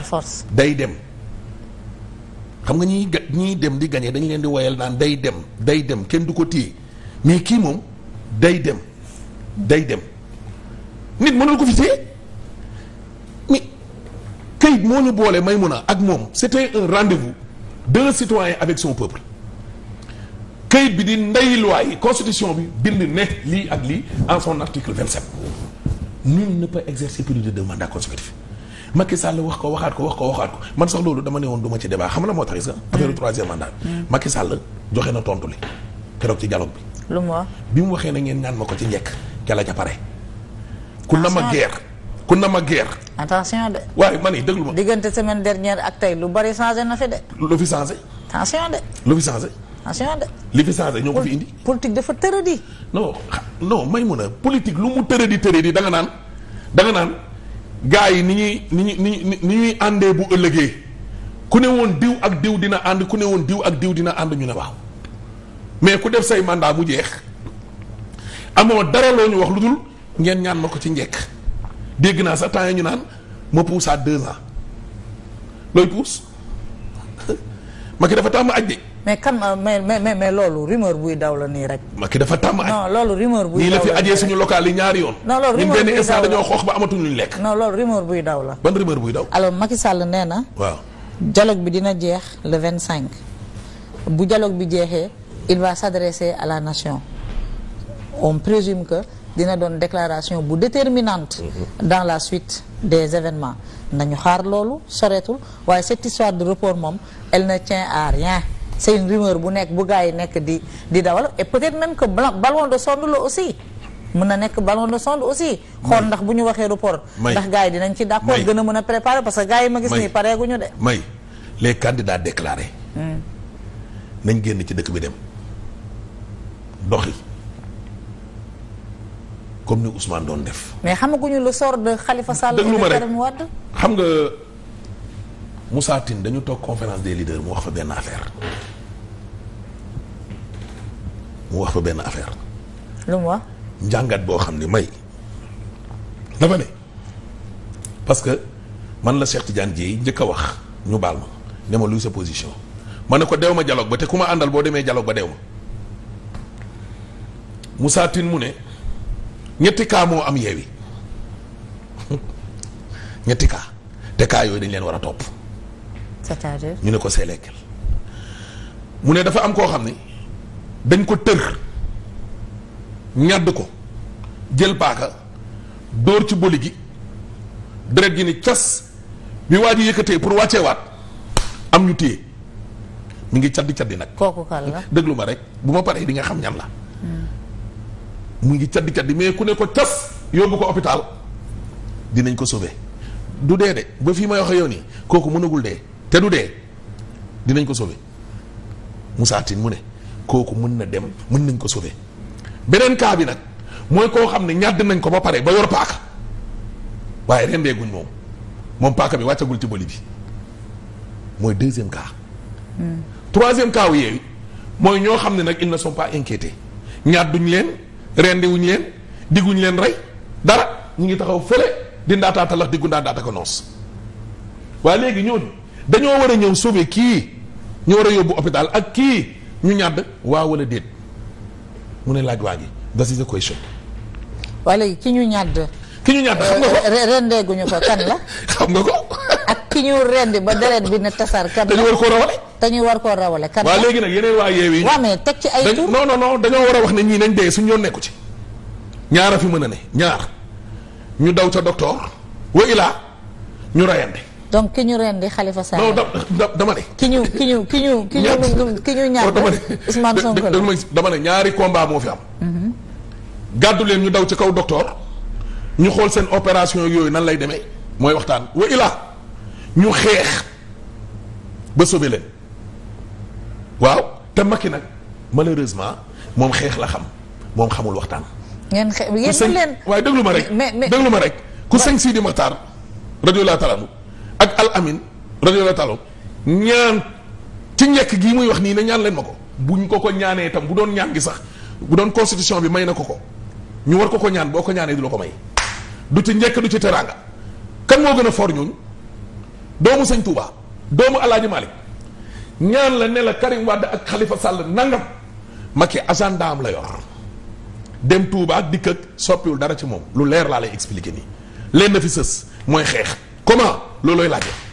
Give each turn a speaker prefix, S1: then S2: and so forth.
S1: par force. day dem xam nga gat ñiy dem di gagné dañu leen di woyal naan day dem day dem kenn du ko téye mais kii moom day dem day dem nit mënul ko fi téye mais kayit moo ñu boole Maïmouna ak moom c'était un rendez-vous d'un citoyen avec son peuple. kayit bi di ndey loi yi constitution bi bind ne lii ak lii en son article 27 nul ne peut exercer de deux mandats consécutifs Macky Sall wax ko waxaat ko wax ko waxaat ko man sax loolu dama ne woon du ma ci débat xam la moo tax gis nga. affaire mm. troisième mandat mm. joxe na tontu li keroog ci dialogue bi. lu mu wax bi mu waxee na ngeen ñaan ma ko ci njëkk jala ja pare. ku na ma guerre ku na ma guerre.
S2: attention de. waaye man yi déglu ma. diggante semaine dernière ak tey lu bari changé na fi de. lu fi changé. attention de.
S1: lu fi changé. attention de. li fi changé ñoo ko fi indi. politique dafa tëradi. non non may mun a politique lu mu tëradi tëradi da nga gars yi ni ñuy ni ñuy ni ñuy àndee bu ëllëgee ku ne woon diw ak diw dina ànd ku ne woon diw ak diw dina ànd ñu ne waaw mais ku def say mandat mu jeex amoo dara loo ñu wax lu dul ngeen ñaan ma ko ci njekk dégg naa sax temps yi ñu naan ma pousse à deux ans looy pousse Macky dafa tàmm aj de.
S2: mais kan mais mais loolu rumeur buy daw la nii rek. Macky
S1: dafa tàmm aj. non loolu rumeur buy daw la ñaari yoon. non loolu rumeur buy daw
S2: loolu rumeur buy daw la.
S1: ban rumeur buy daw.
S2: alors Macky Sall nee na. waaw dialogue bi dina jeex le 25 bu dialogue bi jeexee il va s'adresser à la nation on présume que dina doon déclaration bu déterminante. Mhm. dans la suite. des événements nañu xaar loolu soreetul waaye cette histoire de report moom l ne tient à rien c' est une rumeur bu nekk bu gars yi nekk di di dawal et peut être même que ballon de sonde la aussi mën na nekk ballon de sonde aussi xool ndax bu ñu waxee report ndax gars yi dinañ ci d' accord gën a mën a préparer parce que gars yi ma gis nii pareeguñu de
S1: may les candidats déclarés hmm. nañ génn ci dëkk bi dem doxi comme ni Ousmane doon def.
S2: mais xamaguñu le sort de Khalifa Sall. déglu ma rek xam
S1: nga Moussa Tine dañu toog conférence des leaders mu wax fa benn affaire mu wax fa benn affaire. lu mu wax. njàngat boo xam ne may dafa ne parce que man la Cheikh Tidiane Dièye njëkk a wax ñu baal ma ne ma luy sa position ma ne ko dew ma dialogue ba te ku ma àndal boo demee dialogue ba dew ma Moussa mu ne. ñetti kaa moo am yeewi ñetti cas te cas yooyu dañ leen war a topp. cest ñu ne ko c'est lesquels mu ne dafa am koo xam ne dañ ko tër ñàdd ko jël paaka dóor ci boli gi deret gi ni cas bi waa ji yëkkatee pour wàcceewaat am ñu téye mu ngi caddi caddi nag. kooku kan la déglu ma rek bu ma paree di nga xam ñan la. mu ngi caddi caddi mais ku ne ko taf yóbbu ko hôpital dinañ ko sauver du dee de ba fii may wax yow nii kooku mënagul dee te du dee dinañ ko sauver Moussa Tine mu ne kooku mën na dem mën nañ ko sauver beneen kaa bi nag mooy koo xam ne ñàdd nañ ko ba pare ba yor paaka waaye rendee guñ moom moom paaka bi wàccagul ci bëli bi mooy deuxième cas. Hmm. troisième cas wu mooy ñoo xam ne nag in ne sont pas inquiétés ñaat duñ leen. rendi wuñ leen digguñ leen rey dara ñu ngi taxaw fële di ndaataata lax diggu ndaataata ko noos waaye léegi ñooñu dañoo war a ñëw sauver kii ñu war a yóbbu hôpital ak kii ñu ñàdd waa wala déet mu ne laaj waa ngi that is the question
S2: waa léegi ki ñu ñàdd ki ñu ñàdd xam nga ko eh, rendeeguñu ko kan la xam nga ko ak ki ñu rendi ba deret bi ne tasar kan la dañu war ko rawale te ñu war koo rawale. kat léegi nag yeneen waa yeewi. waaw mais teg ci ay tur
S1: non non non dañoo war a wax ne ñii nañ dee suñu yoon nekku ci. ñaar a fi mën a ne ñaar ñu daw ca docteur wa ñu rayande.
S2: donc ki ñu rendi Khalifa Sall. non
S1: da dama ki ñu ki ñu ki ñu ki ñu ki ñu ñàkk Ousmane Sonko la dama ne ñaari combat moo fi am. Mhm. gàddu leen ñu daw ci kaw docteur ñu xool seen opération yooyu nan lay demee mooy waxtaan wa ñu xeex ba sauver leen. waaw te Macky nag malheureusement moom xeex la xam moom xamul waxtaan.
S2: ngeen xe yéen leen
S1: waaye déglu ma rek. mais lu ma rek ku sëñ Sidi Maxtaar rajo laa talaanu ak Al Amin rajo laa talaanu ñaan ci njëkk gii muy wax nii ne ñaan leen ma ko buñ ko ko ñaanee itam bu doon ñaan gi sax bu doon constitution bi may na ko ko ñu war ko ko ñaan boo ko ñaanee du la ko may du ci njëkk du ci teraanga kan moo gën a foor ñooñu doomu sëñ Touba doomu El Hadj Malick ñaan la ne la Karim Wade ak Khalifa Sall nangam Macky agenda am la yor dem Touba ak dikk ak soppiwul dara ci moom lu leer laa lay expliquer nii leen na fi sës mooy xeex comment loolooy laajee.